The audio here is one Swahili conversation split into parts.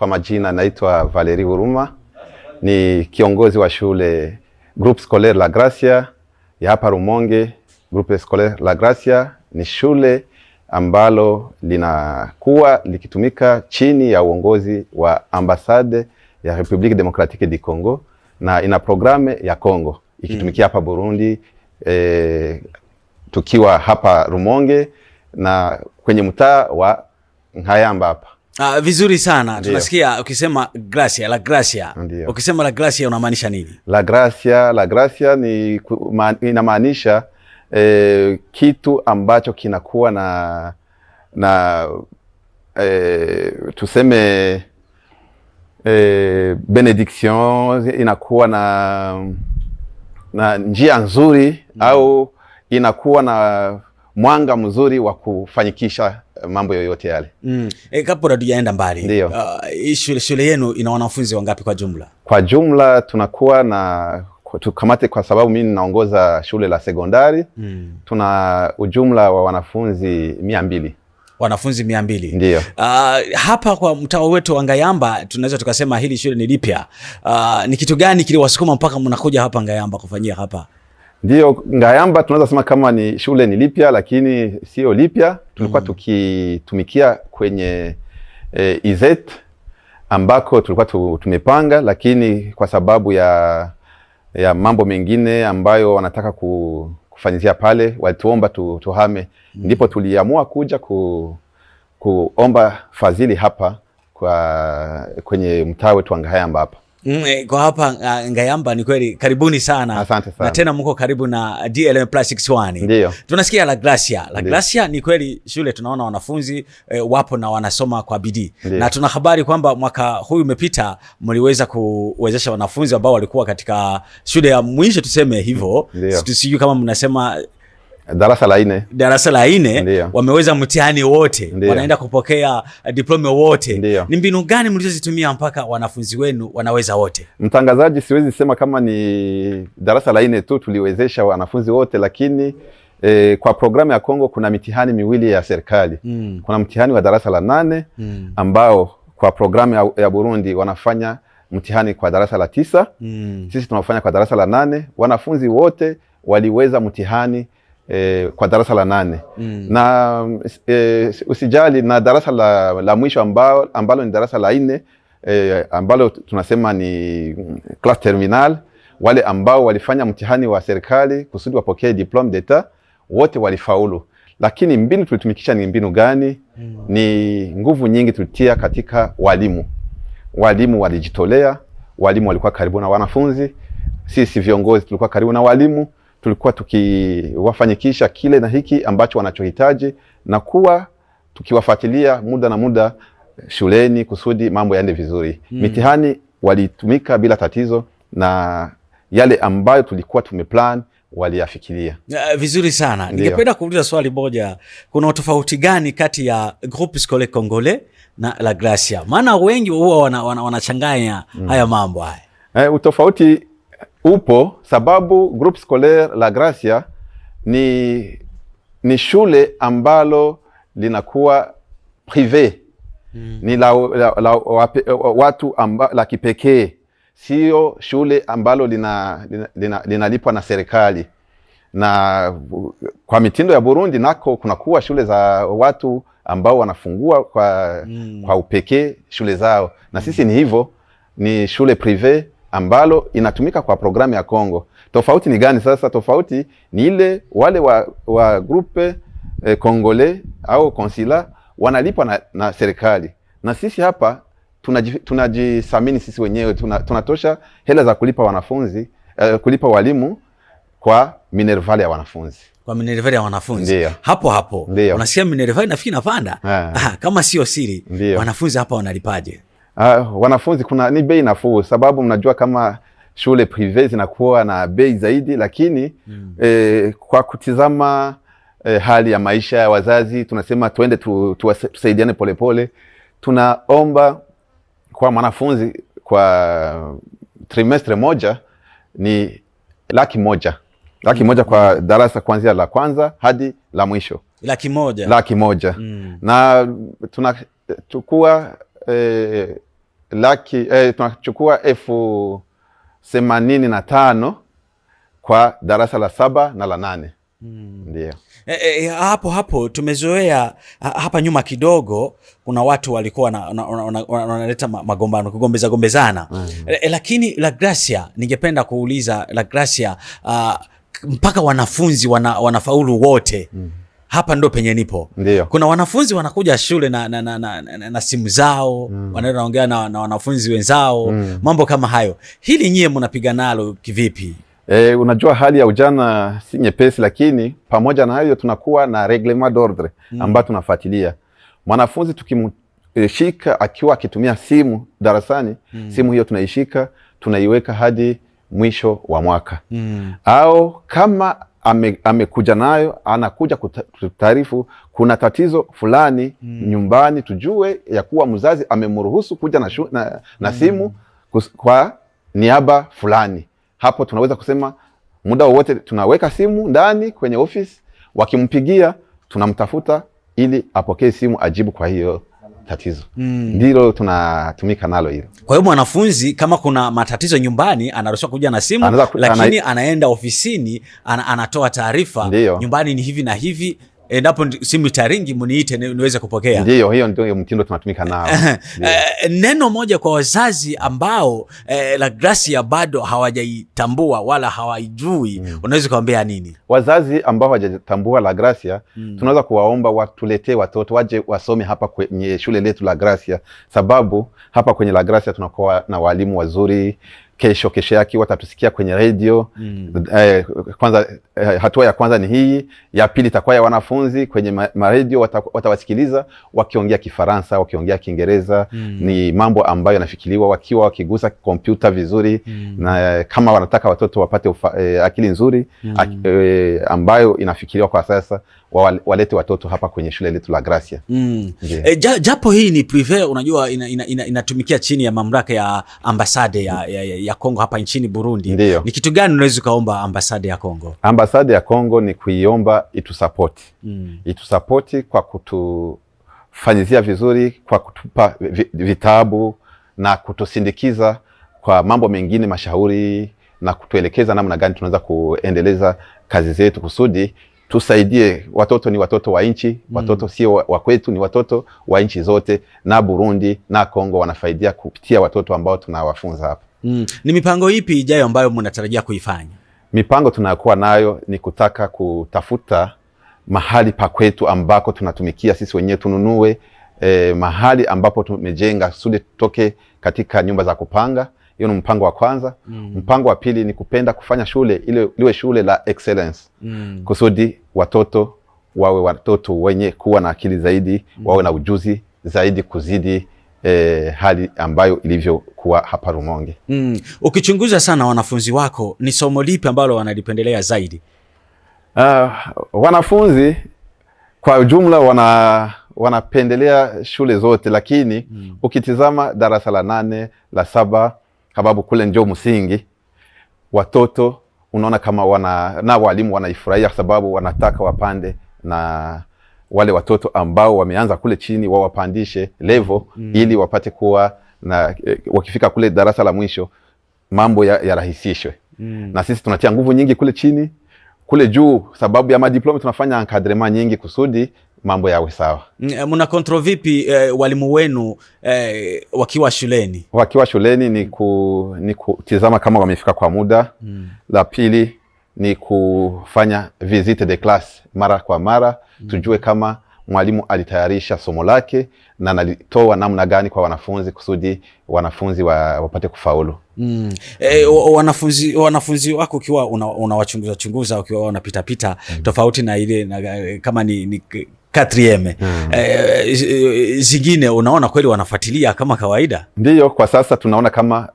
Kwa majina naitwa Valeri Huruma, ni kiongozi wa shule Group Scolaire La Gracia ya hapa Rumonge. Group Scolaire La Gracia ni shule ambalo linakuwa likitumika chini ya uongozi wa ambasade ya Republique Democratique du Congo na ina programe ya Congo ikitumikia hapa Burundi, e, tukiwa hapa Rumonge na kwenye mtaa wa Nkayamba hapa Uh, vizuri sana tunasikia ukisema gracia, la gracia. Ndiyo. Ukisema la gracia unamaanisha nini? La gracia, la gracia ni inamaanisha eh, kitu ambacho kinakuwa na na eh, tuseme eh, benediction inakuwa na na njia nzuri mm. au inakuwa na mwanga mzuri wa kufanyikisha mambo yoyote yale mm. E, kabla hatujaenda mbali ndio, uh, shule, shule yenu ina wanafunzi wangapi kwa jumla? Kwa jumla tunakuwa na tukamate, kwa sababu mimi ninaongoza shule la sekondari mm. tuna ujumla wa wanafunzi mia mbili wanafunzi mia mbili ndio. Uh, hapa kwa mtaa wetu wa Ngayamba tunaweza tukasema hili shule ni lipya. Uh, ni kitu gani kiliwasukuma mpaka mnakuja hapa Ngayamba kufanyia hapa Ndiyo, Ngayamba tunaweza sema kama ni shule ni lipya, lakini sio lipya. Tulikuwa mm. tukitumikia kwenye e, eh, izet ambako tulikuwa tumepanga, lakini kwa sababu ya, ya mambo mengine ambayo wanataka ku, kufanyizia pale walituomba tu, tuhame mm. ndipo tuliamua kuja ku, kuomba fadhili hapa kwa, kwenye mtaa wetu wa Ngayamba hapa. Mm, eh, kwa hapa uh, Ngayamba ni kweli, karibuni sana. Asante sana. Na tena mko karibu na DLM Plastics 61. Ndio. Tunasikia La Gracia. La Gracia ni kweli shule tunaona wanafunzi e, wapo na wanasoma kwa bidii. Na tuna habari kwamba mwaka huu umepita mliweza kuwezesha wanafunzi ambao walikuwa katika shule ya mwisho tuseme hivyo. Sijui kama mnasema darasa la nne darasa la nne wameweza mtihani wote, wanaenda kupokea eh, diploma wote. Ni mbinu gani mlizozitumia mpaka wanafunzi wenu wanaweza wote? Mtangazaji, siwezi sema kama ni darasa la nne tu tuliwezesha wanafunzi wote, lakini E, kwa programu ya Kongo kuna mitihani miwili ya serikali mm. Kuna mtihani wa darasa la nane mm. ambao kwa programu ya, ya Burundi wanafanya mtihani kwa darasa la tisa mm. Sisi tunafanya kwa darasa la nane. Wanafunzi wote waliweza mtihani e, kwa darasa la nane mm. na e, usijali na darasa la, la mwisho ambao, ambalo ni darasa la nne e, ambalo tunasema ni class terminal. Wale ambao walifanya mtihani wa serikali kusudi wapokee diploma d'etat wote walifaulu, lakini mbinu tulitumikisha ni mbinu gani? mm. ni nguvu nyingi tulitia katika walimu. Walimu walijitolea, walimu walikuwa karibu na wanafunzi. Sisi viongozi tulikuwa karibu na walimu tulikuwa tukiwafanyikisha kile na hiki ambacho wanachohitaji na kuwa tukiwafuatilia muda na muda eh, shuleni kusudi mambo yaende vizuri. Mm. Mitihani walitumika bila tatizo na yale ambayo tulikuwa tumeplan waliyafikiria eh, vizuri sana. Ningependa kuuliza swali moja, kuna utofauti gani kati ya Groupe Scolaire Congolais na La Gracia? Maana wengi huwa wanachanganya wana, wana mm. haya mambo haya. Eh, utofauti upo sababu Groupe Scolaire La Gracia ni, ni shule ambalo linakuwa prive mm. ni la, la, la, watu amba, la kipekee, sio shule ambalo linalipwa lina, lina, lina na serikali na kwa mitindo ya Burundi nako kunakuwa shule za watu ambao wanafungua kwa, mm. kwa upekee shule zao na sisi mm. ni hivyo, ni shule prive ambalo inatumika kwa programu ya Kongo. Tofauti ni gani sasa? Tofauti ni ile wale wa, wa grupe eh, kongole au konsila wanalipwa na, na serikali na sisi hapa tunajisamini tunaji sisi wenyewe tunatosha tuna hela za kulipa wanafunzi eh, kulipa walimu kwa minervale ya wanafunzi kwa minerval ya wanafunzi Ndiyo. hapo hapo Ndiyo. unasikia minerval nafikiri inapanda eh. ah, kama sio siri Ndiyo. wanafunzi hapa wanalipaje? Uh, wanafunzi kuna ni bei nafuu, sababu mnajua kama shule prive zinakuwa na bei zaidi, lakini mm. eh, kwa kutizama eh, hali ya maisha ya wazazi tunasema tuende tu, tu, tusaidiane polepole. Tunaomba kwa mwanafunzi kwa trimestre moja ni laki moja laki moja kwa darasa kuanzia la kwanza hadi la mwisho, laki moja, laki moja. Mm. na tunachukua eh, laki eh, tunachukua elfu themanini na tano kwa darasa la saba na la nane. Hmm. Ndio. E, e, hapo hapo tumezoea hapa nyuma kidogo, kuna watu walikuwa wanaleta magombano kugombeza gombezana. Hmm. E, lakini La Gracia, ningependa kuuliza La Gracia, uh, mpaka wanafunzi wana, wanafaulu wote. Hmm hapa ndo penye nipo. Ndiyo. Kuna wanafunzi wanakuja shule na, na, na, na, na, na simu zao mm. wanaenda naongea na, na wanafunzi wenzao mm. mambo kama hayo, hili nyie mnapiga nalo kivipi? E, unajua hali ya ujana si nyepesi, lakini pamoja na hayo tunakuwa na reglement d'ordre mm. ambayo tunafuatilia mwanafunzi tukimshika akiwa akitumia simu darasani mm. simu hiyo tunaishika tunaiweka hadi mwisho wa mwaka mm. au kama ame, amekuja nayo, anakuja kutaarifu kuna tatizo fulani mm. nyumbani, tujue ya kuwa mzazi amemruhusu kuja na, shu, na, na hmm. simu kus, kwa niaba fulani. Hapo tunaweza kusema muda wowote tunaweka simu ndani kwenye ofisi, wakimpigia tunamtafuta ili apokee simu, ajibu kwa hiyo tatizo mm. Ndilo tunatumika nalo hilo. Kwa hiyo mwanafunzi kama kuna matatizo nyumbani anaruhusiwa kuja na simu ku, lakini ana... anaenda ofisini an, anatoa taarifa nyumbani ni hivi na hivi endapo simu itaringi mniite niweze kupokea. Ndio, hiyo ndio mtindo tunatumika nao. Eh, neno moja kwa wazazi ambao eh, La Gracia bado hawajaitambua wala hawaijui mm. Unaweza kuambia nini wazazi ambao hawajatambua La Gracia mm. Tunaweza kuwaomba watuletee watoto waje wasome hapa kwenye shule letu La Gracia, sababu hapa kwenye La Gracia tunakuwa na walimu wazuri kesho kesho yake watatusikia kwenye redio mm. Eh, kwanza eh, hatua ya kwanza ni hii. Ya pili itakuwa ya wanafunzi kwenye maredio, watawasikiliza wata wakiongea Kifaransa, wakiongea Kiingereza mm. Ni mambo ambayo yanafikiriwa wakiwa wakigusa kompyuta vizuri mm. Na eh, kama wanataka watoto wapate ufa, eh, akili nzuri mm. ak, eh, ambayo inafikiriwa kwa sasa walete watoto hapa kwenye shule letu la Gracia mm. yeah. Eh, e, ja, japo hii ni prive, unajua inatumikia ina, ina, ina chini ya mamlaka ya ambasade ya, ya, ya, ya ya Kongo hapa nchini Burundi. Ndiyo. Ni kitu gani unaweza ukaomba ambasada ya Kongo? Ambasada ya Kongo ni kuiomba itusapoti, mm. itusapoti kwa kutufanyizia vizuri, kwa kutupa vitabu na kutusindikiza kwa mambo mengine, mashauri na kutuelekeza namna gani tunaweza kuendeleza kazi zetu kusudi tusaidie watoto. Ni watoto wa nchi, mm. watoto mm. sio wa kwetu, ni watoto wa nchi zote, na Burundi na Kongo wanafaidia kupitia watoto ambao tunawafunza hapa. Mm. Ni mipango ipi ijayo ambayo mnatarajia kuifanya? Mipango tunayokuwa nayo ni kutaka kutafuta mahali pa kwetu ambako tunatumikia sisi wenyewe, tununue eh, mahali ambapo tumejenga sudi tutoke katika nyumba za kupanga. Hiyo ni mpango wa kwanza. Mm. Mpango wa pili ni kupenda kufanya shule ile liwe shule la excellence. Mm. Kusudi watoto wawe watoto wenye kuwa na akili zaidi, mm. wawe na ujuzi zaidi kuzidi E, hali ambayo ilivyokuwa hapa Rumonge. Mm. Ukichunguza sana wanafunzi wako ni somo lipi ambalo wanalipendelea zaidi? Uh, wanafunzi kwa ujumla wana wanapendelea shule zote lakini mm. ukitizama darasa la nane la saba sababu kule njo msingi watoto unaona kama wana na walimu wanaifurahia sababu wanataka wapande na wale watoto ambao wameanza kule chini wawapandishe level mm. ili wapate kuwa na eh, wakifika kule darasa la mwisho mambo yarahisishwe ya mm. na sisi tunatia nguvu nyingi kule chini. Kule juu sababu ya madiploma tunafanya ankadrema nyingi kusudi mambo yawe sawa. Mna mm, eh, kontrol vipi eh, walimu wenu eh, wakiwa shuleni? Wakiwa shuleni ni, ku, ni kutizama kama wamefika kwa muda mm. La pili ni kufanya visite de class mara kwa mara mm. Tujue kama mwalimu alitayarisha somo lake na nalitoa namna gani kwa wanafunzi kusudi wanafunzi wa, wapate kufaulu mm. E, wanafunzi wanafunzi wako ukiwa unawachunguza una chunguza ukiwa unapitapita mm. tofauti na ile na, eh, kama ni, ni katrieme mm. E, zingine unaona kweli wanafuatilia kama kawaida? Ndiyo, kwa sasa tunaona kama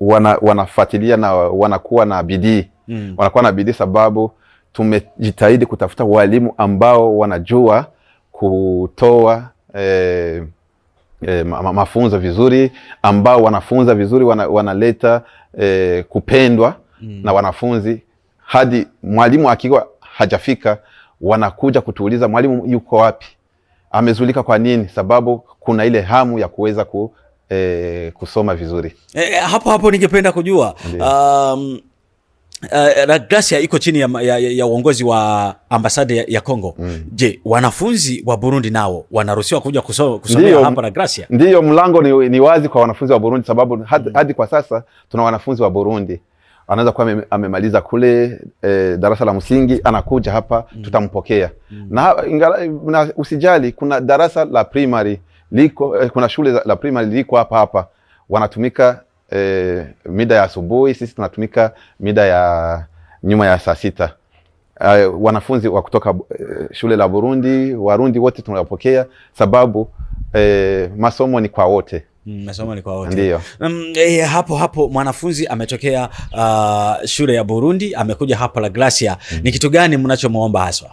wana, wanafuatilia na wanakuwa na bidii mm. wanakuwa na bidii, sababu tumejitahidi kutafuta walimu ambao wanajua kutoa eh, eh, ma mafunzo vizuri, ambao wanafunza vizuri, wana, wanaleta eh, kupendwa mm. na wanafunzi hadi mwalimu akiwa hajafika wanakuja kutuuliza mwalimu yuko wapi, amezulika kwa nini? Sababu kuna ile hamu ya kuweza ku, eh, kusoma vizuri. E, hapo hapo ningependa kujua um, Uh, La iko chini ya, ya, ya uongozi wa ambasade ya, ya Kongo mm. Je, wanafunzi wa Burundi nao wanaruhusiwa kuja kusomea hapa na Gracia? Ndiyo, mlango ni, ni wazi kwa wanafunzi wa Burundi sababu mm. hadi, mm. hadi kwa sasa tuna wanafunzi wa Burundi anaweza kuwa amemaliza kule e, darasa la msingi anakuja hapa mm. tutampokea mm. na, na usijali, kuna darasa la primary liko, eh, kuna shule la primary liko hapa hapa wanatumika eh, mida ya asubuhi. Sisi tunatumika mida ya nyuma ya saa sita. Uh, wanafunzi wa kutoka uh, shule la Burundi, Warundi wote tunawapokea sababu uh, masomo ni kwa wote. Mm, masomo ni kwa wote. Ndio. Um, eh, hapo hapo mwanafunzi ametokea uh, shule ya Burundi amekuja hapa La Glacia. Mm Ni kitu gani mnachomwomba haswa?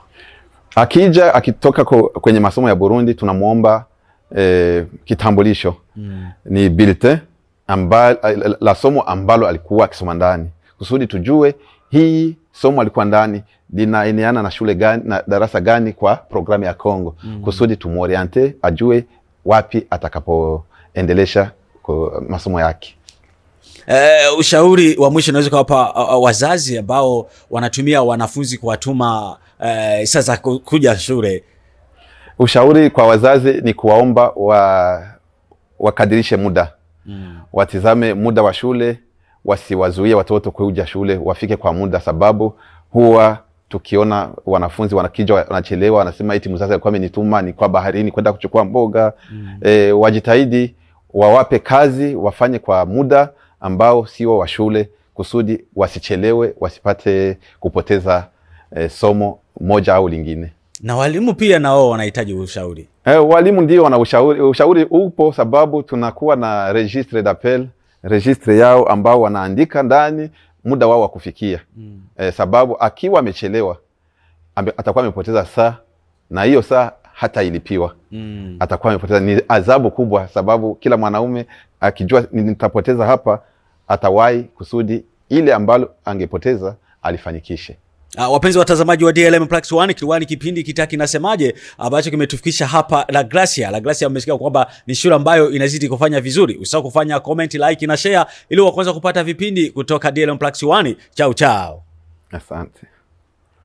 Akija akitoka kwenye masomo ya Burundi tunamwomba eh, kitambulisho. Mm. Ni bilte amba, la somo ambalo alikuwa akisoma ndani, kusudi tujue hii somo alikuwa ndani linaeneana na shule gani na darasa gani kwa programu ya Kongo mm. kusudi tumoriente ajue wapi atakapoendelesha masomo yake. Uh, ushauri wa mwisho unaweza kuwapa wazazi ambao wanatumia wanafunzi kuwatuma uh, eh, sasa kuja shule? Ushauri kwa wazazi ni kuwaomba wa, wakadirishe muda mm. watizame muda wa shule, wasiwazuie watoto kuja shule, wafike kwa muda, sababu huwa tukiona wanafunzi wanakija wanachelewa, wanasema eti mzazi alikuwa amenituma ni kwa baharini kwenda kuchukua mboga mm. E, wajitahidi wawape kazi wafanye kwa muda ambao sio wa shule, kusudi wasichelewe, wasipate kupoteza e, somo moja au lingine na walimu pia na wao wanahitaji ushauri. Eh, walimu ndio wana ushauri. Ushauri upo sababu tunakuwa na registre d'appel, registre yao ambao wanaandika ndani muda wao wa kufikia mm. Eh, sababu akiwa amechelewa atakuwa amepoteza saa na hiyo saa hata ilipiwa mm. Atakuwa amepoteza, ni adhabu kubwa, sababu kila mwanaume akijua nitapoteza hapa, atawahi kusudi ile ambalo angepoteza alifanikishe. Uh, wapenzi watazamaji wa DLM Plax 1 kilikuwa ni kipindi kita kinasemaje ambacho kimetufikisha hapa La Gracia. La Gracia umesikia kwamba ni shule ambayo inazidi kufanya vizuri. Usisahau kufanya comment, like na share ili uweze kupata vipindi kutoka DLM Plax 1. Chao chao. Asante.